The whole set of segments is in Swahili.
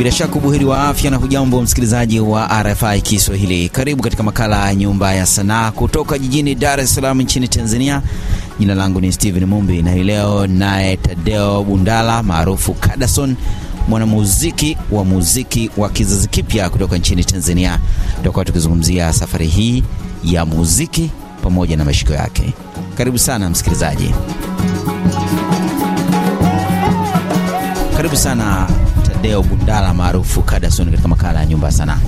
Bila shaka ubuheri wa afya na hujambo msikilizaji wa RFI Kiswahili. Karibu katika makala ya Nyumba ya Sanaa kutoka jijini Dar es Salaam nchini Tanzania. Jina langu ni Steven Mumbi na hii leo naye Tadeo Bundala maarufu Kadason, mwanamuziki wa muziki wa kizazi kipya kutoka nchini Tanzania. Tutakuwa tukizungumzia safari hii ya muziki pamoja na mashiko yake. Karibu sana msikilizaji, karibu sana Deo Bundala maarufu Kadason katika makala ya nyumba ya sanaa.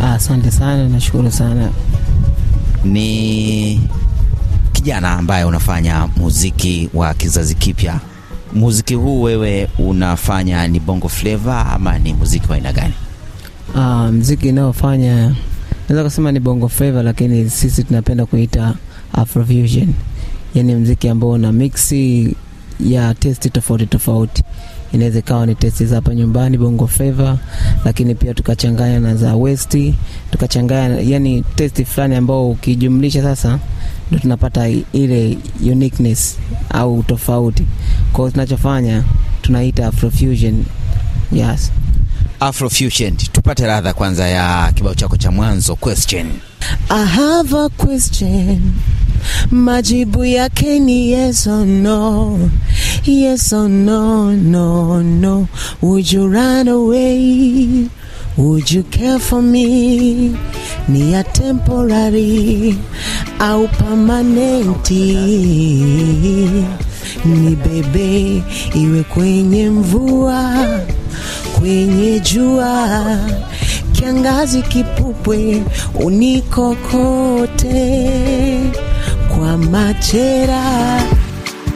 Ah, asante sana, nashukuru sana. Ni kijana ambaye unafanya muziki wa kizazi kipya. Muziki huu wewe unafanya ni bongo flavor ama ni muziki wa aina gani? Uh, ah, mziki inayofanya naweza kusema ni bongo flavor, lakini sisi tunapenda kuita Afrofusion, yaani mziki ambao una mixi ya testi tofauti tofauti inaweza ikawa ni testi za hapa nyumbani Bongo Flava, lakini pia tukachanganya na za West, tukachanganya yani testi fulani ambao ukijumlisha sasa ndo tunapata ile uniqueness au tofauti. Kwa hiyo tunachofanya tunaita Afrofusion. Yes. Afrofusion. Tupate ladha kwanza ya kibao chako cha mwanzo question. I have a question. Majibu yake ni yes or no. Yes or no, no, no. Would you run away? Would you care for me? Ni ya temporary au permanenti? Ni bebe iwe kwenye mvua, kwenye jua, kiangazi, kipupwe, unikokote kwa machera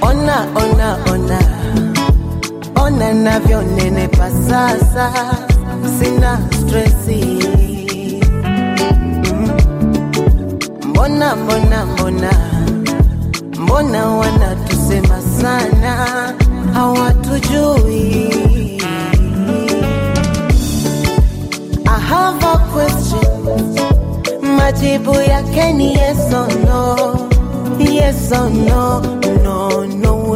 Ona, ona, ona, ona pa sasa, sina stresi. Mm-hmm. Mbona, mbona, mbona, mbona wanatusema sana, hawatujui. I have a question, majibu yake ni yes or no, yes or no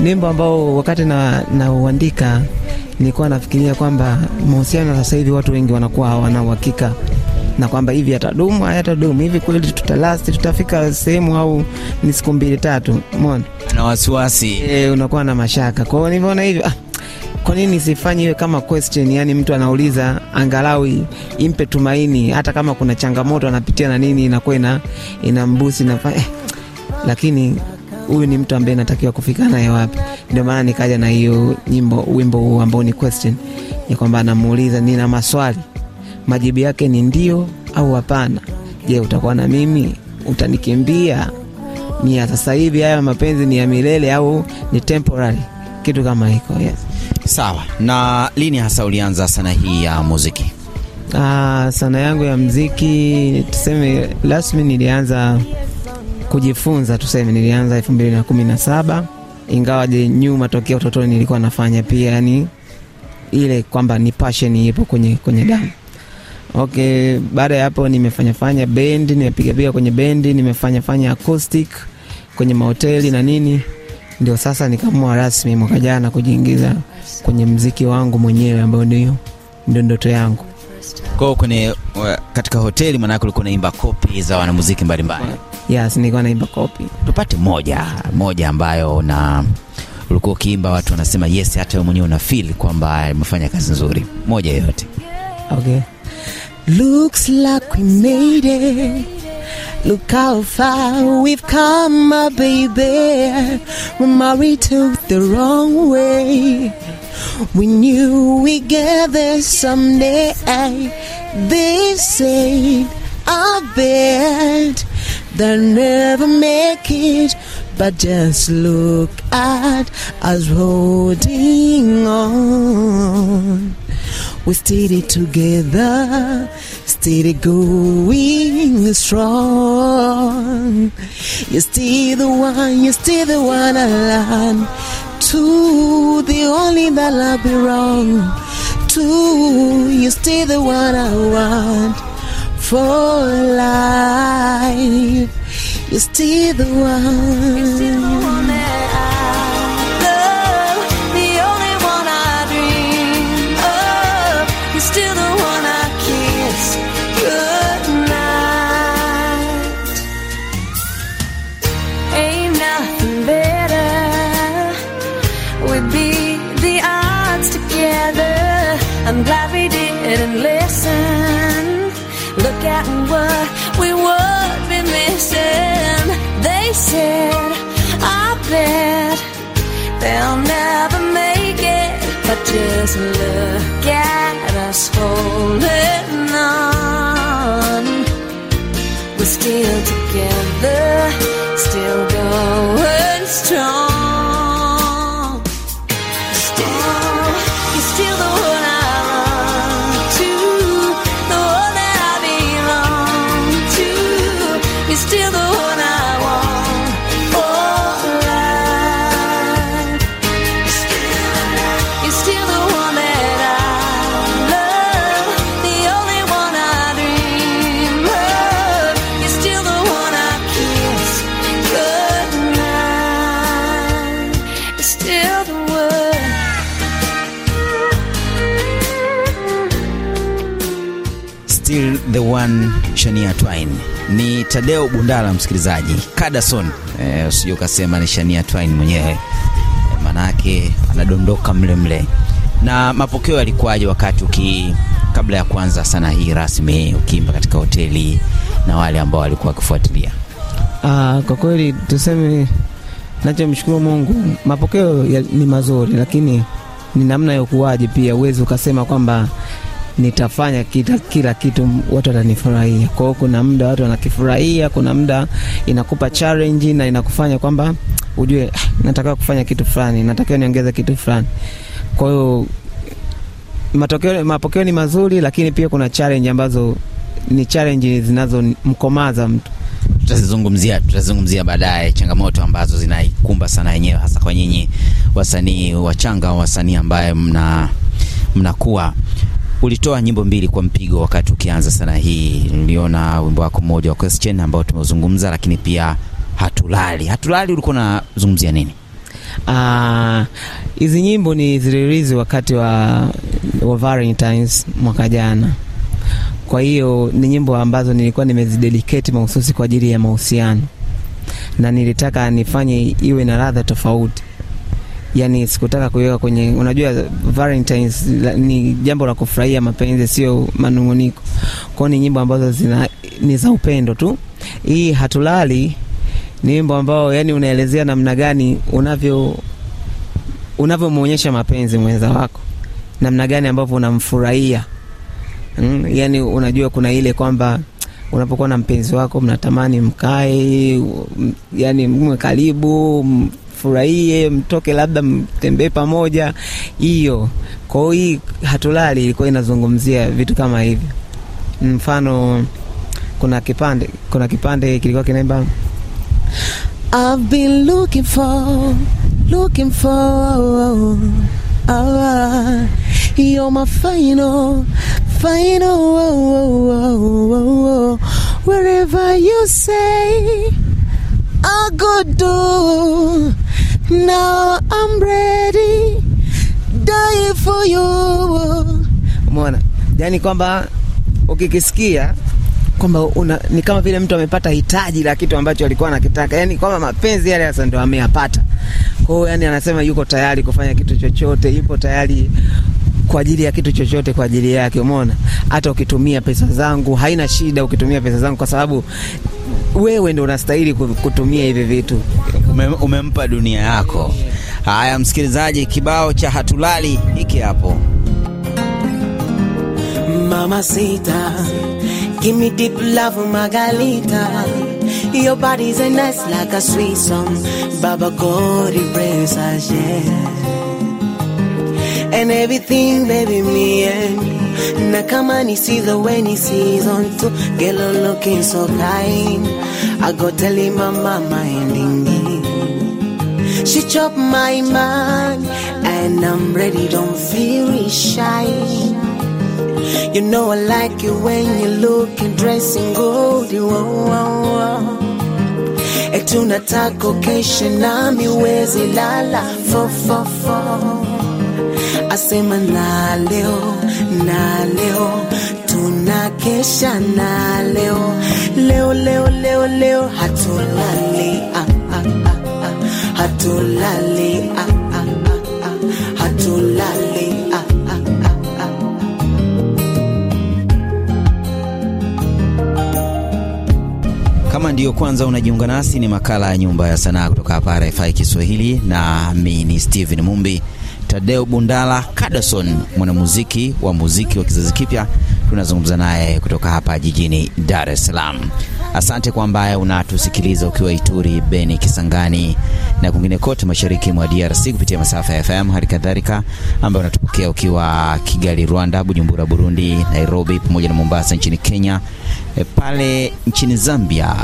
nimbo ambao wakati na nauandika nilikuwa nafikiria kwamba mahusiano sasa hivi watu wengi wanakuwa hawana uhakika na kwamba hivi yatadumu hayatadumu, hivi kweli tutalasti, tutafika sehemu au ni siku mbili tatu, umeona, na wasiwasi e, unakuwa na mashaka. Kwa hiyo hivyo, ah, kwa nini sifanye iwe kama question, yani mtu anauliza angalau impe tumaini, hata kama kuna changamoto anapitia na nini, inakuwa ina mbusi na eh, lakini huyu ni mtu ambaye natakiwa kufika naye wapi? Ndio maana nikaja na hiyo nyimbo, wimbo huu ambao ni question, ni kwamba anamuuliza nina maswali, majibu yake ni ndio au hapana. Je, utakuwa na mimi? Utanikimbia? ni ya sasa hivi haya mapenzi ni ya milele au ni temporary? Kitu kama hiko. Yes. Sawa. Na lini hasa ulianza sana hii ya muziki? Aa, ah, sana yangu ya mziki tuseme rasmi nilianza kujifunza tuseme, nilianza elfu mbili na kumi na saba ingawa je nyuma tokea utotoni nilikuwa nafanya pia, yani ile kwamba ni pashen ipo kwenye, kwenye damu. ok baada ya hapo nimefanyafanya bendi, nimepigapiga kwenye bendi, nimefanyafanya acoustic kwenye mahoteli na nini, ndio sasa nikamua rasmi mwaka jana kujiingiza kwenye mziki wangu mwenyewe ambayo ndio ndio ndoto yangu. kwao kwenye katika hoteli mwanako ulikuwa naimba kopi za wanamuziki mbalimbali? yes, nilikuwa naimba kopi. Tupate moja moja ambayo na ulikuwa ukiimba watu wanasema yes, hata wewe mwenyewe unafeel feel kwamba umefanya kazi nzuri, moja yoyote. Okay. Looks like we made it. Look how far we've come, my baby. We married took the wrong way. We knew we'd get there someday. This ain't our bed. they'll never make it. But just look at us holding on. We're steady together, steady going strong. You're still the one, you're still the one I love. To the only that I'll be wrong. To you're still the one I want for life. You're still the one. You're still the one still the one Shania Twain. Ni Tadeo Bundala, msikilizaji Kadason, eh, usije ukasema ni Shania Twain mwenyewe eh, manake anadondoka mle mle. Na mapokeo yalikuwaje wakati uki kabla ya kuanza sana hii rasmi ukiimba katika hoteli na wale ambao walikuwa wakifuatilia? Ah, kwa kweli tuseme, nachomshukuru Mungu, mapokeo ni mazuri, lakini ni namna ya ukuaji pia. Uwezi ukasema kwamba nitafanya kila, kila kitu watu watanifurahia. Kwa hiyo kuna muda watu wanakifurahia, kuna muda inakupa challenge na inakufanya kwamba ujue ah, natakiwa kufanya kitu fulani, natakiwa niongeze kitu fulani. Kwa hiyo matokeo, mapokeo ni mazuri, lakini pia kuna challenge ambazo ni challenge zinazomkomaza mtu tutazizungumzia tutazizungumzia baadaye changamoto ambazo zinaikumba sana yenyewe, hasa kwa nyinyi wasanii wachanga, wasanii ambaye mna mnakuwa ulitoa nyimbo mbili kwa mpigo wakati ukianza sana hii. Niliona wimbo wako mmoja wa Question ambao tumezungumza lakini pia Hatulali. Hatulali ulikuwa unazungumzia nini? Ah, hizi uh, nyimbo ni zilirizi wakati wa, wa Valentines mwaka jana. Kwa hiyo ni nyimbo ambazo nilikuwa nimezidedicate mahususi kwa ajili ya mahusiano, na nilitaka nifanye iwe na ladha tofauti yani sikutaka kuiweka kwenye, unajua Valentines ni jambo la kufurahia mapenzi, sio manunguniko. Kwao ni nyimbo ambazo zina ni za upendo tu. Hii hatulali ni wimbo ambao yani unaelezea namna gani unavyo unavyomwonyesha mapenzi mwenza wako, namna gani ambavyo unamfurahia mm, yani unajua kuna ile kwamba unapokuwa na mpenzi wako mnatamani mkae, yani mwe karibu, mfurahie, mtoke labda mtembee pamoja. Hiyo kwa hii hatulali ilikuwa inazungumzia vitu kama hivyo. Mfano, kuna kipande kuna kipande kilikuwa kinaimba I've been looking for, looking for, ah, you're my final, final, oh, oh, oh, oh, wherever you say I'll go do Now I'm ready, die for you. Umeona, yani kwamba ukikisikia kwamba una, ni kama vile mtu amepata hitaji la kitu ambacho alikuwa anakitaka, yani kwamba mapenzi yale sasa ndio ameyapata. Kwa hiyo yani anasema yuko tayari kufanya kitu chochote, yupo tayari kwa ajili ya kitu chochote kwa ajili yake. Umeona, hata ukitumia pesa zangu haina shida, ukitumia pesa zangu kwa sababu wewe ndo unastahili kutumia hivi vitu. Umem, umempa dunia yako. Haya, msikilizaji, kibao cha hatulali hiki hapo. Mama sita, give me deep love magalita Your body is nice like a sweet song. Baba gori praise us, yeah. And everything, baby, me and you. Na kama ni see the when he season two, girl looking so kind. I go tell him my mama ending me. She chop my man, and I'm ready, don't feel shy. You know I like you when you looking dressing goldy. Whoa, whoa, whoa. Etunataka occasion nami wezi lala fo fo fo. asema na leo na leo tunakesha na leo leo leo leo leo hatulali ah, ah, ah, ah. hatulali ah, ah, ah, ah. hatulali ah, ah, ah, Kama ndiyo kwanza unajiunga nasi, ni makala ya Nyumba ya Sanaa kutoka hapa RFI Kiswahili, na mi ni Steven Mumbi Tadeo Bundala Kaderson, mwanamuziki wa muziki wa kizazi kipya, tunazungumza naye kutoka hapa jijini Dar es Salaam. Asante kwa ambaye unatusikiliza ukiwa Ituri, Beni, Kisangani na kwingine kote mashariki mwa DRC kupitia masafa ya FM, hali kadhalika ambayo unatupokea ukiwa Kigali, Rwanda, Bujumbura, Burundi, Nairobi pamoja na Mombasa nchini Kenya, e, pale nchini Zambia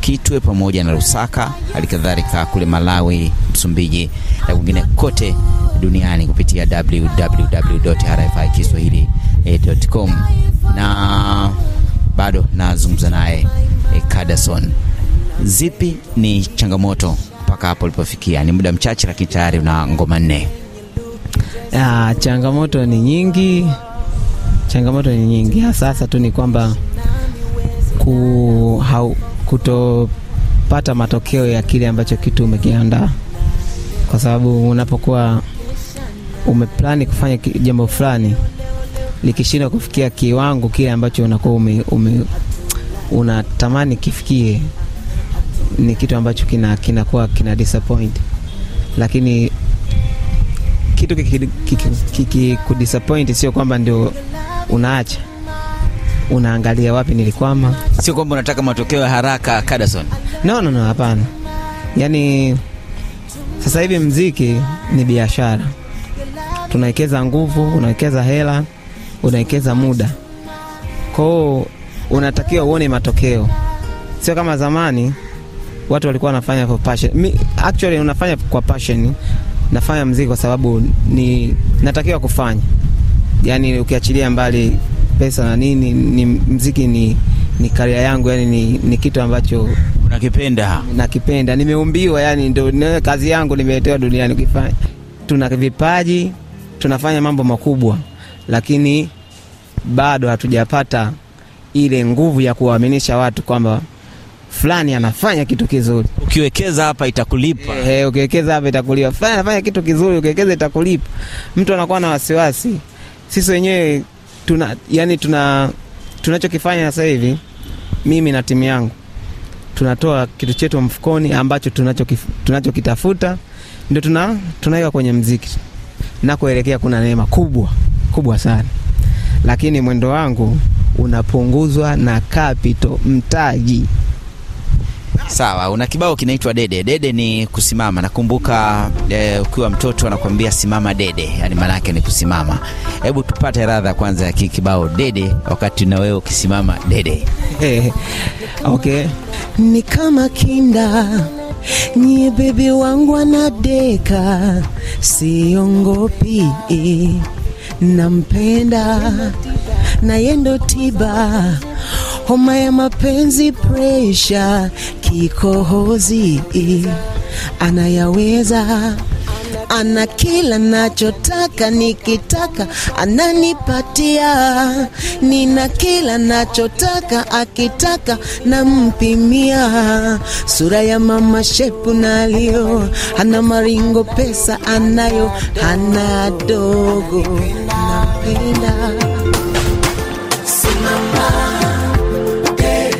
Kitwe pamoja na Lusaka, hali kadhalika kule Malawi, Msumbiji na kwingine kote duniani kupitia www.rfikiswahili.com na bado nazungumza naye e, eh, Kadason. Zipi ni changamoto mpaka hapo ulipofikia? Ni muda mchache, lakini tayari una ngoma nne. Ah, changamoto ni nyingi, changamoto ni nyingi. Sasa tu ni kwamba ku, hau, kutopata matokeo ya kile ambacho kitu umekiandaa, kwa sababu unapokuwa umeplani kufanya jambo fulani likishindwa kufikia kiwango kile ambacho unakuwa ume, ume, unatamani kifikie, ni kitu ambacho kina kinakuwa kina disappoint, lakini kitu kikikudisappoint sio kwamba ndio unaacha, unaangalia wapi nilikwama. Sio kwamba unataka matokeo ya haraka Kadason. No, no, no, hapana. yani sasa hivi mziki ni biashara tunawekeza nguvu, unawekeza hela, unawekeza muda. Kwa hiyo unatakiwa uone matokeo, sio kama zamani watu walikuwa wanafanya for passion. Mi, actually unafanya kwa passion, nafanya mziki kwa sababu ni natakiwa kufanya, yaani ukiachilia mbali pesa na nini, ni mziki ni ni karia yangu, yani ni, ni kitu ambacho unakipenda. Nakipenda, nimeumbiwa, yani ndio kazi yangu, nimeletewa duniani kufanya. Tuna vipaji tunafanya mambo makubwa, lakini bado hatujapata ile nguvu ya kuwaaminisha watu kwamba fulani anafanya kitu kizuri. Ukiwekeza hapa itakulipa. Ehe, ukiwekeza hapa itakulipa. Fulani anafanya kitu kizuri, ukiwekeza itakulipa. Mtu anakuwa na wasiwasi. Sisi wenyewe tuna yani, tuna tunachokifanya sasa hivi, mimi na timu yangu tunatoa kitu chetu mfukoni ambacho tunachokitafuta, tunacho ndio tuna tunaweka kwenye mziki nakoelekea kuna neema kubwa kubwa sana, lakini mwendo wangu unapunguzwa na kapito mtaji. Sawa, una kibao kinaitwa dede. Dede ni kusimama. Nakumbuka e, ukiwa mtoto anakuambia simama dede, yani maana yake ni kusimama. Hebu tupate radha kwanza ya kibao dede, wakati na wewe ukisimama dede. Okay, ni kama kinda nyie bebi wangu anadeka, siongopi, nampenda na yendo tiba homa ya mapenzi, pressure, kikohozi, anayaweza ana kila nachotaka, nikitaka ananipatia, nina kila nachotaka, akitaka nampimia. Sura ya mama shepu nalio, hana maringo, pesa anayo, hana dogo, nampenda Mina Simama eh,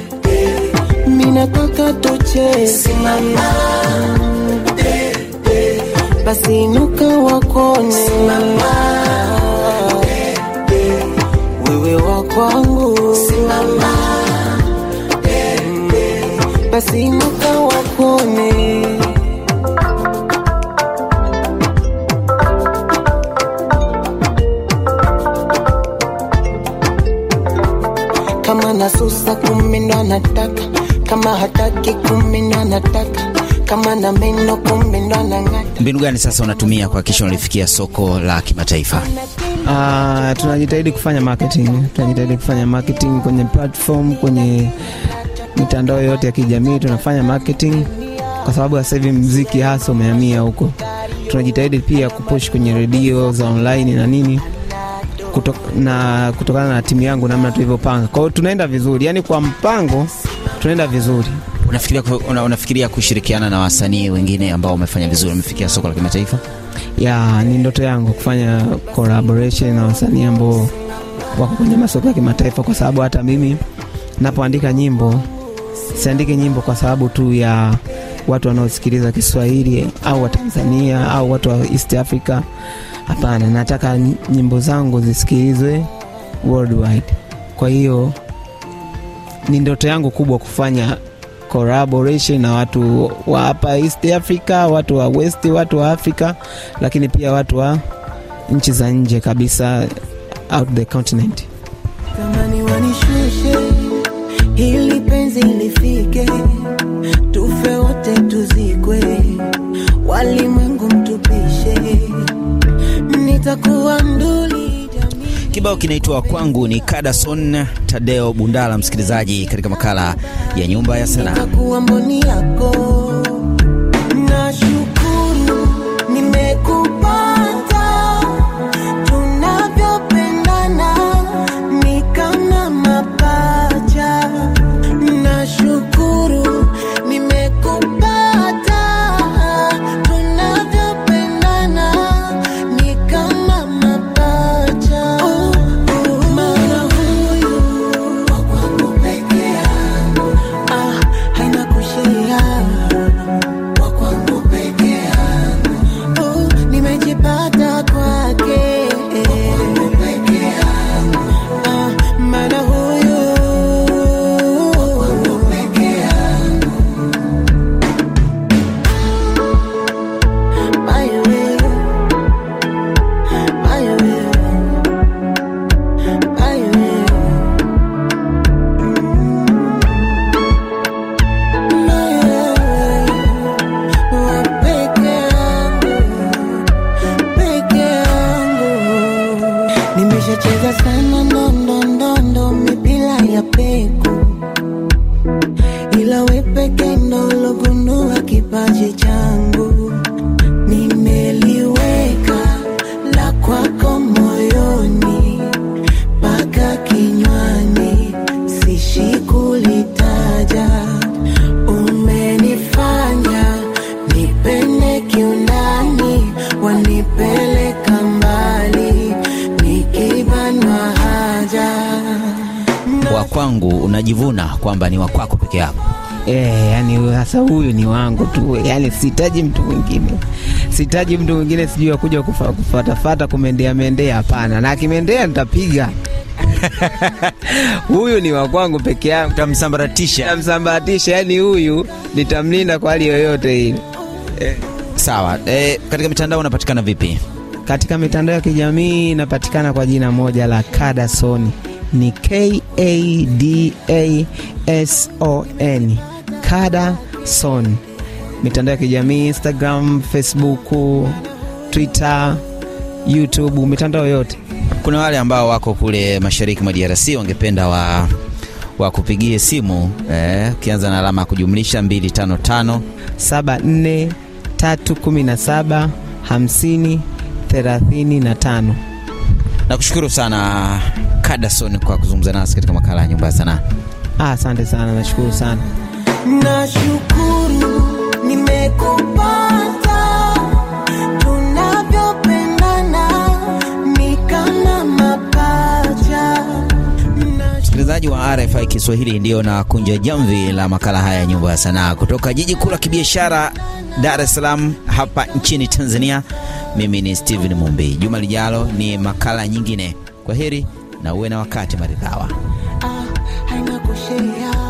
eh basi inuka wakone, simama bebe, wewe wa kwangu, simama bebe, basi inuka wakone kama nasusa kumi ndo anataka, kama hataki kumi ndo anataka kama na meno kumbe ndo anang'ata. Mbinu gani sasa unatumia kuhakikisha unalifikia soko la kimataifa? Uh, tunajitahidi kufanya marketing, tunajitahidi kufanya marketing kwenye platform, kwenye mitandao yote ya kijamii tunafanya marketing, kwa sababu sasa hivi mziki hasa umehamia huko. Tunajitahidi pia kupush kwenye redio za online na nini kutok, na kutokana na timu yangu namna tulivyopanga. Kwa hiyo tunaenda vizuri, yani kwa mpango tunaenda vizuri. Unafikiria, una, unafikiria kushirikiana na wasanii wengine ambao wamefanya vizuri wamefikia soko la kimataifa? Ya, ni ndoto yangu kufanya collaboration na wasanii ambao wako kwenye masoko ya kimataifa, kwa sababu hata mimi napoandika nyimbo siandiki nyimbo kwa sababu tu ya watu wanaosikiliza Kiswahili au Watanzania au watu wa East Africa. Hapana, nataka nyimbo zangu zisikilizwe worldwide. Kwa hiyo ni ndoto yangu kubwa kufanya collaboration na watu wa hapa East Africa, watu wa West, watu wa Africa, lakini pia watu wa nchi za nje kabisa out the continent. Tamani penzi lifike, tufe wote tuzikwe, walimwengu mtupishe, nitakuwa nduli Kibao kinaitwa kwangu ni Kadason Tadeo Bundala, msikilizaji katika makala ya nyumba ya sanaa. wangu unajivuna kwamba ni wakwako peke yako? Eh, yani hasa huyu ni wangu tu, yani sihitaji mtu mwingine, sihitaji mtu mwingine, sijui akuja kufatafata kumendea mendea, hapana. Na akimendea nitapiga huyu ni wakwangu peke yangu, tamsambaratisha, tamsambaratisha. Yani huyu nitamlinda kwa hali yoyote ile. Eh, sawa. Eh, katika mitandao unapatikana vipi? Katika mitandao ya kijamii inapatikana kwa jina moja la Kadasoni ni Kadason, Kada Son. Mitandao ya kijamii Instagram, Facebook, Twitter, YouTube, mitandao yote. Kuna wale ambao wako kule mashariki mwa DRC wangependa wa wakupigie simu eh, ukianza na alama ya kujumlisha 255 74 317 50 35. Nakushukuru sana Kadason kwa kuzungumza nasi katika makala ya nyumba ya sanaa. Asante ah, sana, nashukuru sana, nashukuru nimekupata Msikilizaji wa RFI Kiswahili, ndiyo na kunja jamvi la makala haya ya nyumba ya sanaa kutoka jiji kuu la kibiashara Dar es Salaam hapa nchini Tanzania. Mimi ni Steven Mumbi. Juma lijalo ni makala nyingine. Kwa heri na uwe na wakati maridhawa ah,